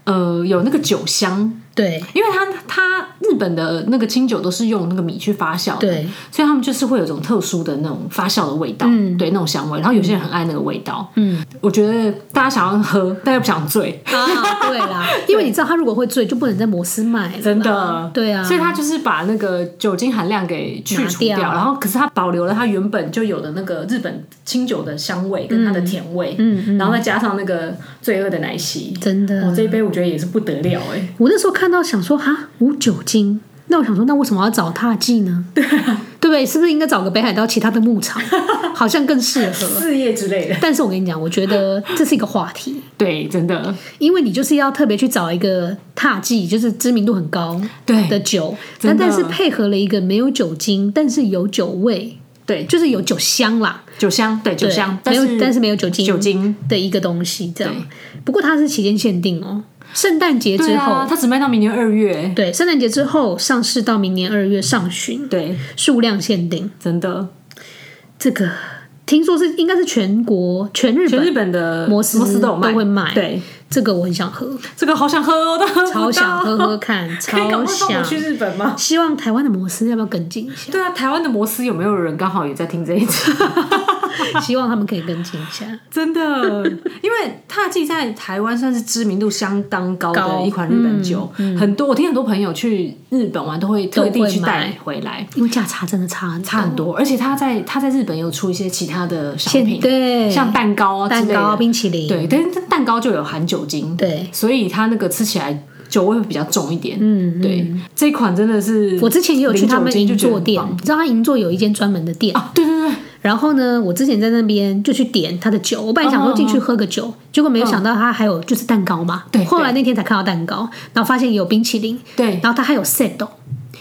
呃，有那個酒香。對，因為他他日本的那個清酒，都是用那個米去發酵的，對，所以他們就是會有一種特殊的那種發酵的味道、嗯，對，那種香味。然後有些人很愛那個味道，嗯，我覺得大家想要喝，但又不想醉啊，對啦， 因為你知道他如果會醉，就不能在摩斯賣，真的，對啊，所以他就是把那個酒精含量給去除掉，掉然後可是他保留了他原本就有的那個日本清酒的香味跟它的甜味，嗯嗯，然後再加上那個罪惡的奶昔，真的，我、哦、這一杯我覺得也是不得了哎、欸，我那時候看。看到想說啊，無酒精，那我想說，那為什麼要找獺祭呢？ 對不對？是不是應該找個北海道其他的牧場，好像更適合 事業之類的？但是我跟你講，我覺得這是一個話題， 對，真的，因為你就是要特別去找一個獺祭，就是知名度很高的酒，那但，但是配合了一個沒有酒精，但是有酒味，對，就是有酒香啦，酒香，對，對酒香但是，但是沒有酒精，酒精的一個東西，這樣對。不過它是期間限定哦、喔。聖誕節之後、啊，它只賣到明年二月，對，聖誕節之後上市到明年二月上旬。對，數量限定，真的。這個聽說是應該是全國全日本摩斯全日本的摩斯都有賣。對，這個我很想喝，這個好想喝哦，喝超想，喝喝看，超想。 去日本嗎？希望台灣的摩斯要不要跟進一下？對啊，台灣的摩斯有沒有人剛好也在聽這一集？ 希望他們可以跟進一下， 真的，因為獺祭在台灣算是知名度相當高的一款日本酒，嗯嗯、很多我聽很多朋友去日本玩都會特地去帶回來，因為價差真的差很差很多。而且他在他在日本有出一些其他的商品，對，像蛋糕、蛋糕、冰淇淋，對，但是蛋糕就有含酒精，對，所以它那個吃起來酒味會比較重一點。一點嗯，嗯，對，這款真的是我之前也有去他們銀座店，你知道他銀座有一間專門的店啊，對對對。然後呢，我之前在那邊就去點他的酒，我本來想說進去喝個酒，oh、結果沒有想到他還有就是蛋糕嘛。對、嗯，後來那天才看到蛋糕，然後發現有冰淇淋。對，然後他還有 set，、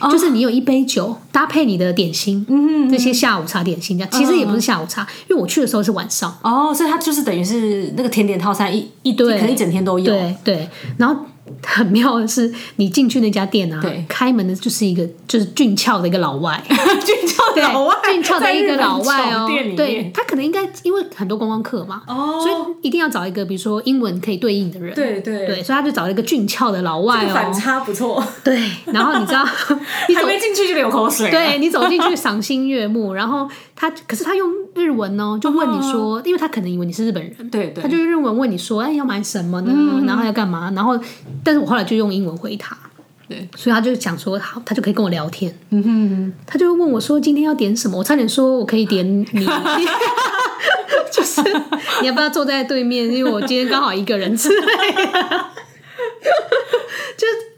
oh、就是你有一杯酒搭配你的點心，嗯嗯那些下午茶點心這樣，其實也不是下午茶，oh、因為我去的時候是晚上。哦，所以他就是等於是那個甜點套餐一一堆，可能一,一,一,一整天都有。對，對，然後。很妙的是，你進去那家店呢、啊，開門的就是一個就是俊俏的一個老外， 俊俏的老外，俊俏的一個老外哦、喔，對他可能應該因為很多觀光客嘛，哦，所以一定要找一個比如說英文可以對應的人，對對，對，對，所以他就找了一個俊俏的老外哦、喔，這個、反差不錯，對，然後你知道，還 沒進去就得流口水， 對你走進去賞心悅目，然後他可是他用。日文呢、哦，就問你說、啊，因為他可能以為你是日本人，對，對他就日文問你說，哎、欸，要買什麼呢？嗯、然後要幹嘛？然後，但是我後來就用英文回他，對，所以他就想說，好，他就可以跟我聊天。嗯哼嗯，他就問我說，今天要點什麼？我差點說我可以點你， 就是你要不要坐在對面？因為我今天剛好一個人吃 就。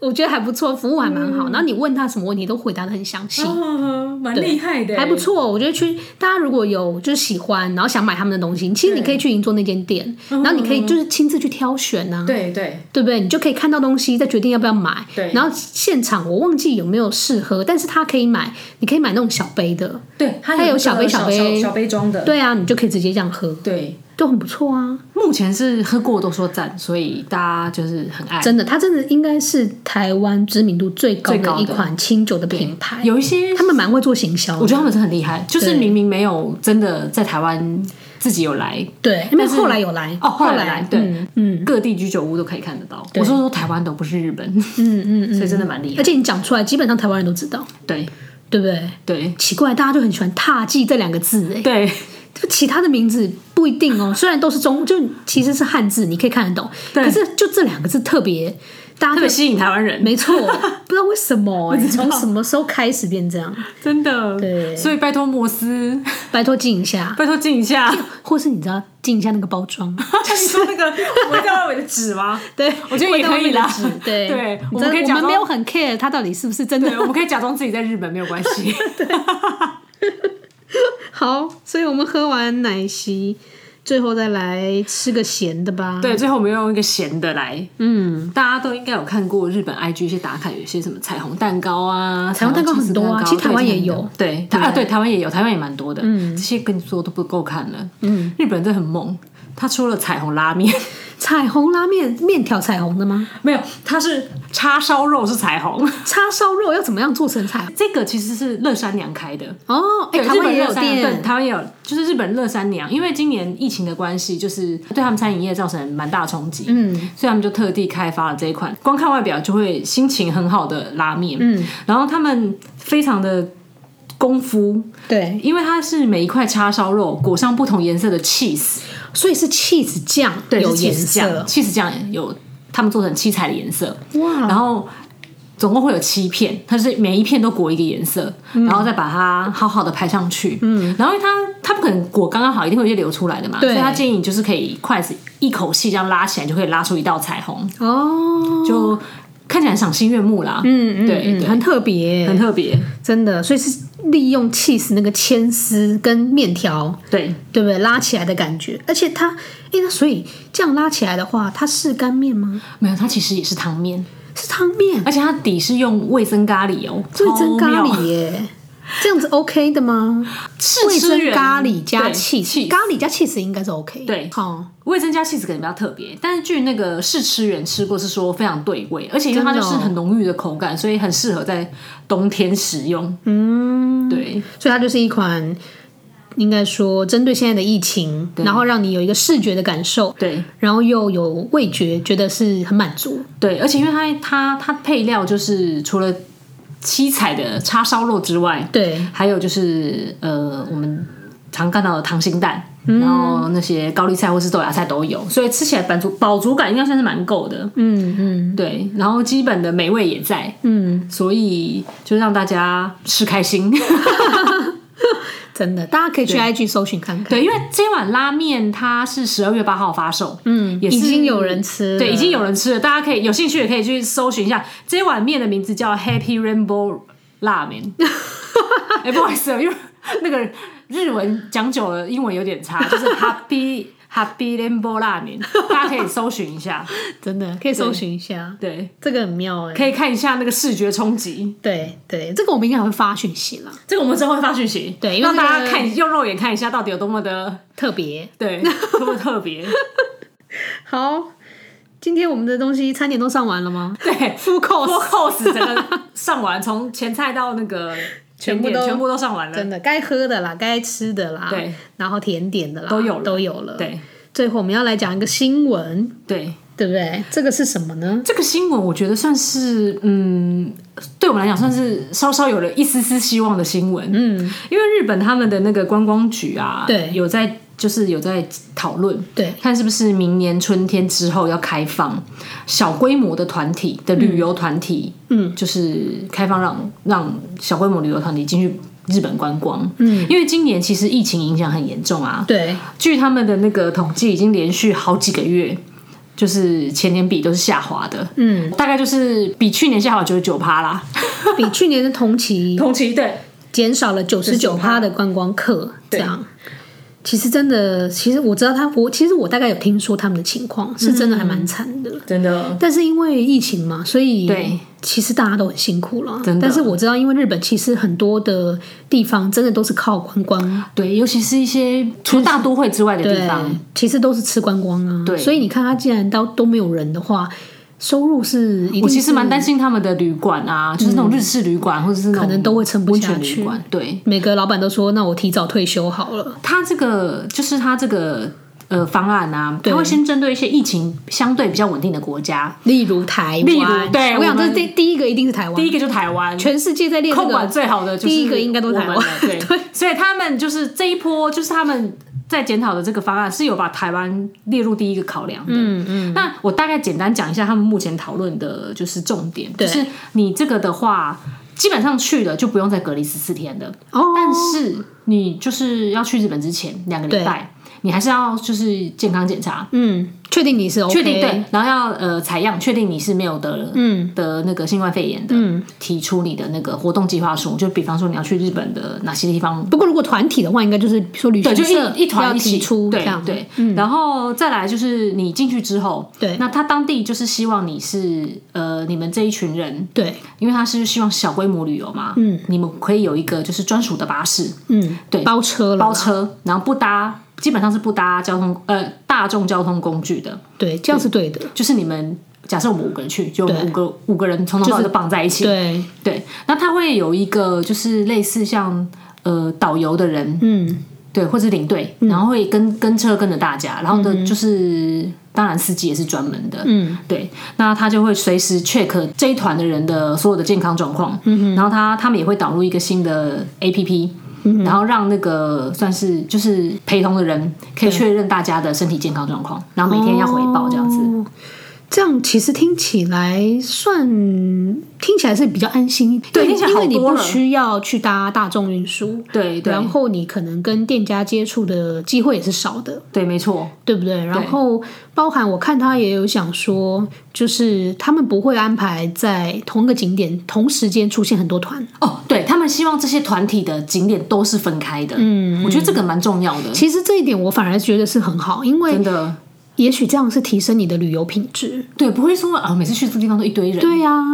我覺得還不錯，服務還蠻好。嗯、然後你問他什麼問題，都回答得很詳細，對、哦，蠻厲害的，還不錯。我覺得去大家如果有就是喜歡，然後想買他們的東西，其實你可以去銀座那間店、嗯，然後你可以就是親自去挑選吶、啊嗯。對對，對不對？你就可以看到東西，再決定要不要買。然後現場我忘記有沒有試喝，但是他可以買，你可以買那種小杯的，對他有小杯小杯小，小，小杯裝的，對啊，你就可以直接這樣喝。對。都很不錯啊，目前是喝過的都說讚，所以大家就是很愛。真的，它真的應該是台灣知名度最高的一款清酒的品牌。有一些他們蠻會做行銷，我覺得他們真的很厲害。就是明明沒有真的在台灣自己有來，對，因為後來有來哦，後來來對，嗯對，各地居酒屋都可以看得到。我說說台灣都不是日本，嗯嗯 所以真的蠻厲害。而且你講出來，基本上台灣人都知道，對，對不對？對，奇怪，大家就很喜歡“獺祭”這兩個字，欸，哎，對。其他的名字不一定哦，雖然都是中，就其實是漢字，你可以看得懂。對。可是就這兩個字特別，大家特別吸引台灣人，沒錯。 不知道為什麼啊，你從什麼時候開始變這樣？真的。對。所以拜托摩斯，拜托靜一下，拜托靜一下，或是你知道，靜一下那個包裝、 就是，你說那個二裝的紙嗎？ 對，我覺得也可以啦。對對，我們可以假裝沒有很 care，他到底是不是真的？對，我們可以假裝自己在日本，沒有關係。 對。好，所以我們喝完奶昔，最後再來吃個鹹的吧。對，最後我們要用一個鹹的來。嗯，大家都應該有看過日本 IG 一些打卡，有些什麼彩虹蛋糕啊，彩虹蛋糕很多啊，其實台灣也有，對，對啊、對台灣對台灣也有，台灣也蠻多的。嗯，這些跟你說都不夠看了。嗯，日本都很猛，他出了彩虹拉麵。彩虹拉麵，麵條彩虹的嗎？沒有，它是叉燒肉是彩虹。叉燒肉要怎麼樣做成彩虹？這個其實是樂山娘開的哦。對，日本樂山，對，台灣也有，就是日本樂山娘。因為今年疫情的關係，就是對他們餐飲業造成蠻大衝擊。嗯，所以他們就特地開發了這一款光看外表就會心情很好的拉麵。嗯，然後他們非常的功夫，對，因為它是每一塊叉燒肉裹上不同顏色的 cheese。所以是起司醬，對，醬有顏色，起司醬有他們做成七彩的顏色，哇！然後總共會有七片，它就是每一片都裹一個顏色，嗯、然後再把它好好的拍上去，嗯，然後它它不可能裹剛剛好，一定會流出來的嘛，對，所以他建議你就是可以筷子一口氣這樣拉起來，就可以拉出一道彩虹哦，就。看起來賞心悅目啦，嗯嗯，對，很特別，很特別、欸，真的，所以是利用 cheese 那個牽絲跟麵條，對對不對？拉起來的感覺，而且它，哎、欸，所以這樣拉起來的話，它是乾麵嗎？沒有，它其實也是湯麵，是湯麵，而且它底是用味噌咖喱哦、喔，味噌咖喱耶、欸。這樣子 OK 的嗎？是。吃咖喱加起司，咖喱加起司應該是 OK。對，好，味噌加起司可能比較特別，但是據那個試吃員吃過是說非常對味，而且因為它就是很濃郁的口感，所以很適合在冬天食用。嗯、哦，對，所以它就是一款，應該說針對現在的疫情，然後讓你有一個視覺的感受，對，然後又有味覺覺得是很滿足，對，而且因為它它它配料就是除了。七彩的叉燒肉之外，對，還有就是呃，我們常看到的溏心蛋，嗯，然後那些高麗菜或是豆芽菜都有，所以吃起來滿足，飽足感應該算是蠻夠的。嗯嗯，對，然後基本的美味也在，嗯，所以就讓大家吃開心。 真的，大家可以去 IG 搜尋看看對。對，因為這碗拉麵它是十二月八號發售，嗯，也是已經有人吃了，對，已經有人吃了。大家可以有興趣的可以去搜尋一下，這碗麵的名字叫 Happy Rainbow 拉麵、 欸。不好意思，因為那個日文講久了，英文有點差，就是 Happy。Happy Lamborghini，大家可以搜尋一下， 真的可以搜尋一下對對。對，這個很妙哎、欸，可以看一下那個視覺衝擊。對對，這個我們應該還會發訊息啦，這個我們之後會發訊息，對，讓大家看、這個、用肉眼看一下到底有多麼的特別，對，多麼特別。 好，今天我們的東西餐點都上完了嗎？對 Full course，Full course，整個上完，從 前菜到那個。全部都全部都上完了，真的該喝的啦，該吃的啦，對，然後甜點的啦，都有了都有了，對。最後我們要來講一個新聞，對對不對。這個是什麼呢？這個新聞我覺得算是嗯，對我們來講算是稍稍有了一絲絲希望的新聞，嗯，因為日本他們的那個觀光局啊，對，有在。就是有在討論，對，看是不是明年春天之後要開放小規模的團體、嗯、的旅遊團體，嗯，就是開放讓讓小規模旅遊團體進去日本觀光，嗯，因為今年其實疫情影響很嚴重啊，對，據他們的那個統計，已經連續好幾個月，就是前年比都是下滑的，嗯，大概就是比去年下滑九十九趴啦，比去年的同期同期對減少了九十九趴的觀光客這樣。對其實真的，其實我知道他，我其實我大概有聽說他們的情況、嗯，是真的還蠻慘的，真的。但是因為疫情嘛，所以對，其實大家都很辛苦了。但是我知道，因為日本其實很多的地方真的都是靠觀光，對，尤其是一些除大都會之外的地方，其實都是吃觀光啊。對，所以你看，他既然都都沒有人的話。收入是，一定是，我其實蠻擔心他們的旅館啊、嗯，就是那種日式旅館或者是可能都會撐不下去旅。對，每個老闆都說：“那我提早退休好了。”他這個就是他這個。呃，方案吶、啊，他會先針對一些疫情相對比較穩定的國家，例如台灣，例如,例如對，我想這第第一個一定是台灣，第一個就是台灣，全世界在列控、這個、管最好的就是，第一個應該都是台灣，對，所以他們就是這一波，就是他們在檢討的這個方案是有把台灣列入第一個考量的，嗯嗯。那我大概簡單講一下他們目前討論的就是重點對，就是你這個的話，基本上去了就不用再隔離十四天的，哦，但是你就是要去日本之前兩個禮拜。你還是要就是健康檢查，嗯，確定你是 OK、確定、對，然後要呃採樣，確定你是沒有得了，嗯，得那個新冠肺炎的、嗯，提出你的那個活動計劃書，就比方說你要去日本的哪些地方。不過如果團體的話，應該就是說旅行社就一團要提出對這樣對，對、嗯，然後再來就是你進去之後，對，那他當地就是希望你是呃你們這一群人，對，因為他是希望小規模旅遊嘛，嗯，你們可以有一個就是專屬的巴士，嗯，對，包車了包車，然後不搭。基本上是不搭交通，呃，大眾交通工具的。對，對，這樣是對的。就是你們假設我們五個人去，就五個五個人從頭到尾都綁在一起，就是、對對。那他會有一個就是類似像呃導遊的人，嗯，對，或者是領隊、嗯，然後會跟跟車跟着大家，然後呢就是、嗯、當然司機也是專門的，嗯，對。那他就會隨時 check 這一團的人的所有的健康狀況，嗯、然後他他們也會導入一個新的 APP。然後讓那個算是就是陪同的人可以確認大家的身體健康狀況，然後每天要回報這樣子。哦。這樣其實聽起來算聽起來是比較安心一點，對，因為你不需要去搭大眾運輸，對對，然後你可能跟店家接觸的機會也是少的，對，沒錯，對不對？對，然後包含我看他也有想說，就是他們不會安排在同一個景點同時間出現很多團哦，對，對他們希望這些團體的景點都是分開的，嗯，我覺得這個蠻重要的。其實這一點我反而覺得是很好，因為真的。也許這樣是提升你的旅遊品質，對，不會說啊，每次去這個地方都一堆人，對呀、啊，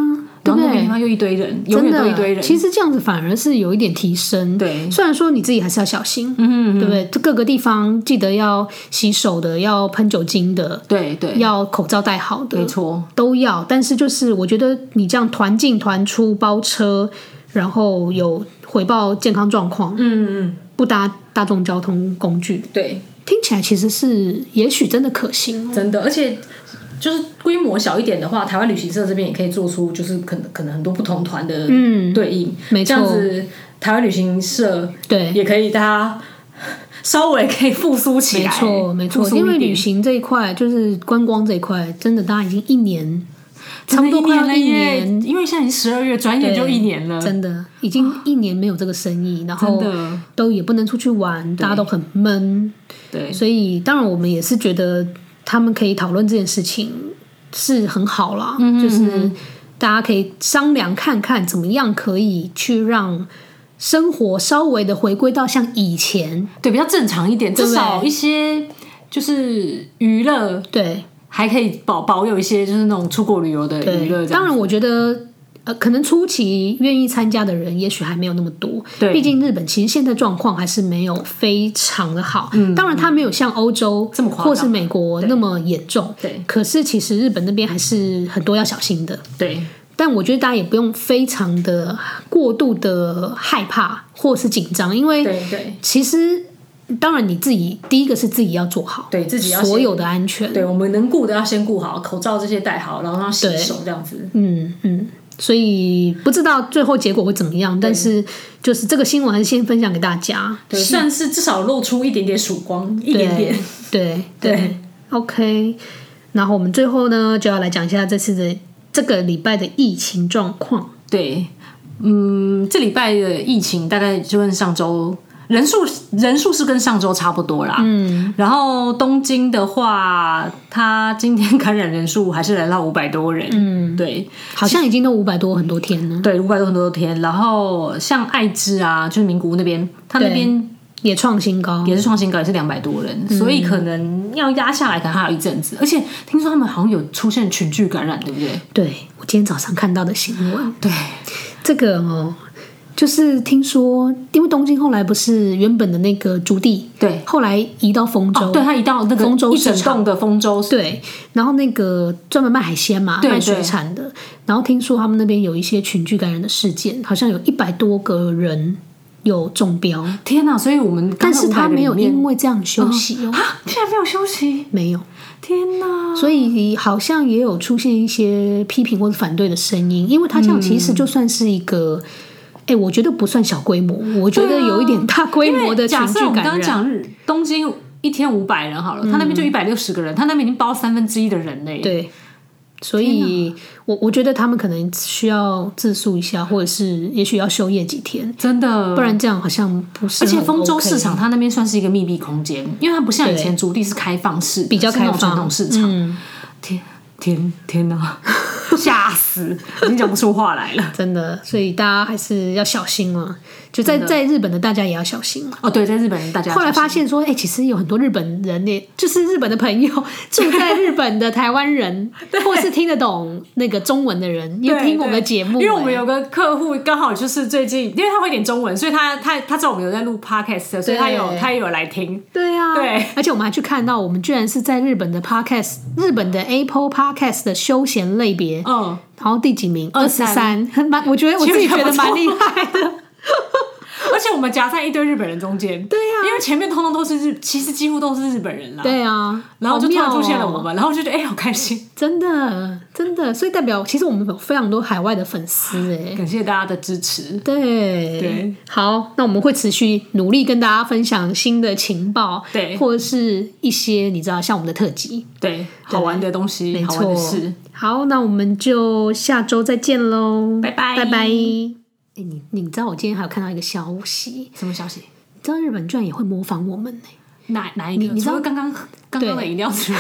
然後每個地方又一堆，一堆人，真的一堆人。其實這樣子反而是有一點提升，對。雖然說你自己還是要小心，嗯，嗯，對不對？就各個地方記得要洗手的，要噴酒精的，對對，要口罩戴好的，沒錯，都要。但是就是我覺得你這樣團進團出，包車，然後有回報健康狀況，嗯嗯，不搭大眾交通工具，對。聽起來其實是，也許真的可行。真的，而且就是規模小一點的話，台灣旅行社這邊也可以做出，就是可能可能很多不同團的對應。嗯、沒錯，這樣子台灣旅行社對也可以大家稍微可以復甦起來。沒錯，沒錯，因為旅行這一塊就是觀光這一塊，真的大家已經一年，一年差不多快要一年，因為現在已經十二月，轉眼就一年了。真的，已經一年沒有這個生意，啊、然後。都也不能出去玩，大家都很悶，對，所以當然我們也是覺得他們可以討論這件事情是很好啦，嗯嗯嗯，就是大家可以商量看看怎麼樣可以去讓生活稍微的回歸到像以前，對，比較正常一點，至少一些就是娛樂，對，還可以保保有一些就是那種出國旅遊的娛樂。對，對，當然，我覺得。呃，可能初期願意參加的人，也許還沒有那麼多。對，畢竟日本其實現在狀況還是沒有非常的好。嗯，當然它沒有像歐洲或是美國那麼嚴重，這麼誇張。對，可是其實日本那邊還是很多要小心的。對，但我覺得大家也不用非常的過度的害怕或是緊張，因為，對對，其實當然你自己第一個是自己要做好，對自己所有的安全，對我們能顧的要先顧好，口罩這些戴好，然後要洗手這樣子。嗯嗯。嗯所以不知道最後結果會怎麼樣，但是就是這個新聞還是先分享給大家，對對，算是至少露出一點點曙光，一點點。對對，對，OK。然後我們最後呢，就要來講一下這次的這個禮拜的疫情狀況。對，嗯，這禮拜的疫情大概就跟上周。人數人數是跟上周差不多啦，嗯，然後東京的話，它今天感染人數還是來到五百多人，嗯，對，好像，好像已經都五百多很多天了，對，五百多很多天。然後像愛知啊，就是名古屋那邊，它那邊也創新高，也是創新高，也是兩百多人，所以可能要壓下來，可能還有一陣子，嗯。而且聽說他們好像有出現群聚感染，對不對？對，我今天早上看到的新聞，對，這個哦。就是聽說，因為東京後來不是原本的那個築地？對，後來移到豐州，哦、對他移到那個豐州一整棟的豐州市，對。然後那個專門賣海鮮嘛，對對對，賣水產的。然後聽說他們那邊有一些群聚感染的事件，好像有一百多個人有中標。天哪、啊！所以我們但是他沒有因為這樣休息啊、哦，竟、哦、然沒有休息，嗯、沒有。天哪、啊！所以好像也有出現一些批評或者反對的聲音，因為他這樣其實就算是一個。嗯哎、欸，我覺得不算小規模，我覺得有一點大規模的群聚感染，假設我們剛剛講東京一天五百人好了，嗯、他那邊就一百六十個人，他那邊已經包三分之一的人嘞。對，所以我我覺得他們可能需要自述一下，或者是也許要休業幾天。真、嗯、的，不然這樣好像不是、OK。而且豐洲市場，他那邊算是一個密閉空間，因為它不像以前築地是開放式，比較開放傳統市場、嗯。天，天，天哪！嚇死，已經講不出話來了， 真的，所以大家還是要小心嘛。就在在日本的大家也要小心哦。Oh, 對，在日本的大家，後來發現說，哎、欸，其實有很多日本人也，也就是日本的朋友住在日本的台灣人， 或是聽得懂那個中文的人，也聽我們的節目、欸。因為我們有個客戶剛好就是最近，因為他會點中文，所以他他他知道我們有在錄 podcast 的，所以他有他也有來聽。對啊，對，而且我們還去看到，我們居然是在日本的 podcast，日本的 Apple podcast 的休閒類別。嗯、哦，然後第幾名？二十三，蠻，我覺得我自己覺得蠻厲害的。 而且我們夾在一堆日本人中間，對呀、啊，因為前面通通都是日，其實幾乎都是日本人啦，對啊，然後就突然出現了我們吧、哦，然後就覺得哎、欸，好開心，真的，真的，所以代表其實我們有非常多海外的粉絲哎、欸，感謝大家的支持，對對，好，那我們會持續努力跟大家分享新的情報，對，或者是一些你知道像我們的特輯，對，好玩的東西，沒錯，好，那我們就下週再見嘍，拜拜，拜拜。誒，你你知道我今天還有看到一個消息？什麼消息？你知道日本居然也會模仿我們呢？哪哪一個？你知道剛剛？剛剛的飲料除了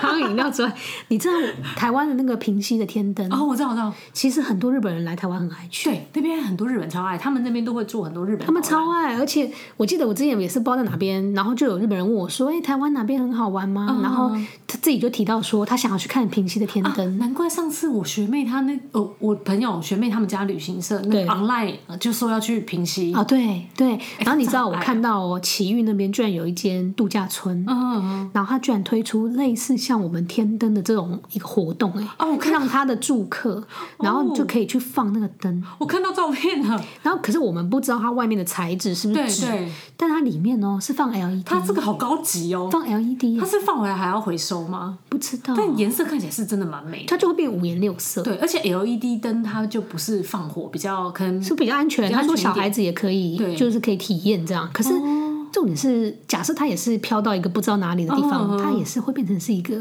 剛剛飲料之外， 你知道台灣的那個平溪的天燈？哦，我知道，我知道。其實很多日本人來台灣很愛去，對。那邊很多日本超愛，他們那邊都會住很多日本。他們超愛，而且我記得我之前也是包在哪邊，然後就有日本人問我說：“哎、欸，台灣哪邊很好玩嗎、嗯啊？”然後他自己就提到說他想要去看平溪的天燈。啊、難怪上次我學妹她那呃，我朋友學妹他們家旅行社對那個、online 就說要去平溪。啊、哦，對對。然後你知道我看到、哦嗯啊、奇遇那邊居然有一間度假村，嗯、啊，然後他。居然推出類似像我們天燈的這種一個活動哎哦，到、oh, okay. 他的住客，然後就可以去放那個燈。我看到照片了，然後可是我們不知道它外面的材質是不是紙，但它裡面哦是放 LED，它這個好高級哦，放 LED，它是放回來還要回收嗎？不知道，但顏色看起來是真的蠻美的，它就會變五顏六色。對，而且 LED 燈它就不是放火，比較可能，是比較安全，他說小孩子也可以，就是可以體驗這樣，可是。Oh. 重點是，假設他也是飄到一個不知道哪裡的地方，哦、他也是會變成是一個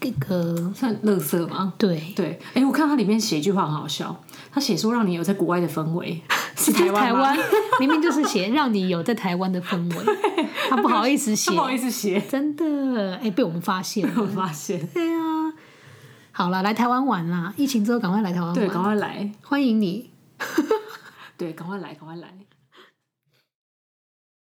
一個個算垃圾嘛，對對。哎、欸，我看他裡面寫一句話很好笑，他寫說，讓你有在國外的氛圍，是台灣？台灣 明明就是寫讓你有在台灣的氛圍，他不好意思寫，不好意思寫，真的。哎、欸，被我們發現，被我們發現。對啊，好了，來台灣玩啦！疫情之後，趕快來台灣玩，對，趕快來，歡迎你。 對，趕快來，趕快來。